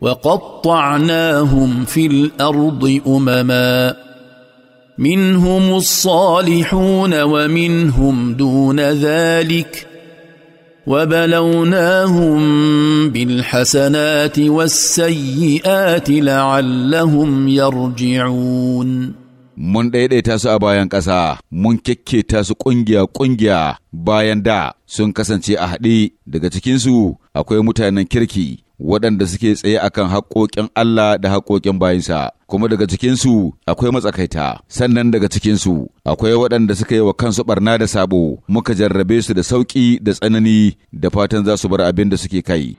وقطعناهم في الارض امما منهم الصالحون ومنهم دون ذلك وبلوناهم بالحسنات والسيئات لعلهم يرجعون mun ɗaiɗaita su a bayan ƙasa, mun kyakketa su ƙungiya-ƙungiya bayan da sun kasance a haɗe daga cikinsu akwai mutanen kirki. waɗanda suke tsaye akan haƙoƙin Allah da haƙoƙin bayinsa kuma daga cikinsu akwai matsakaita sannan daga cikinsu akwai waɗanda suka yi wa kansu ɓarna da sabo muka jarrabe su da sauƙi da tsanani da fatan za su bar abin da suke kai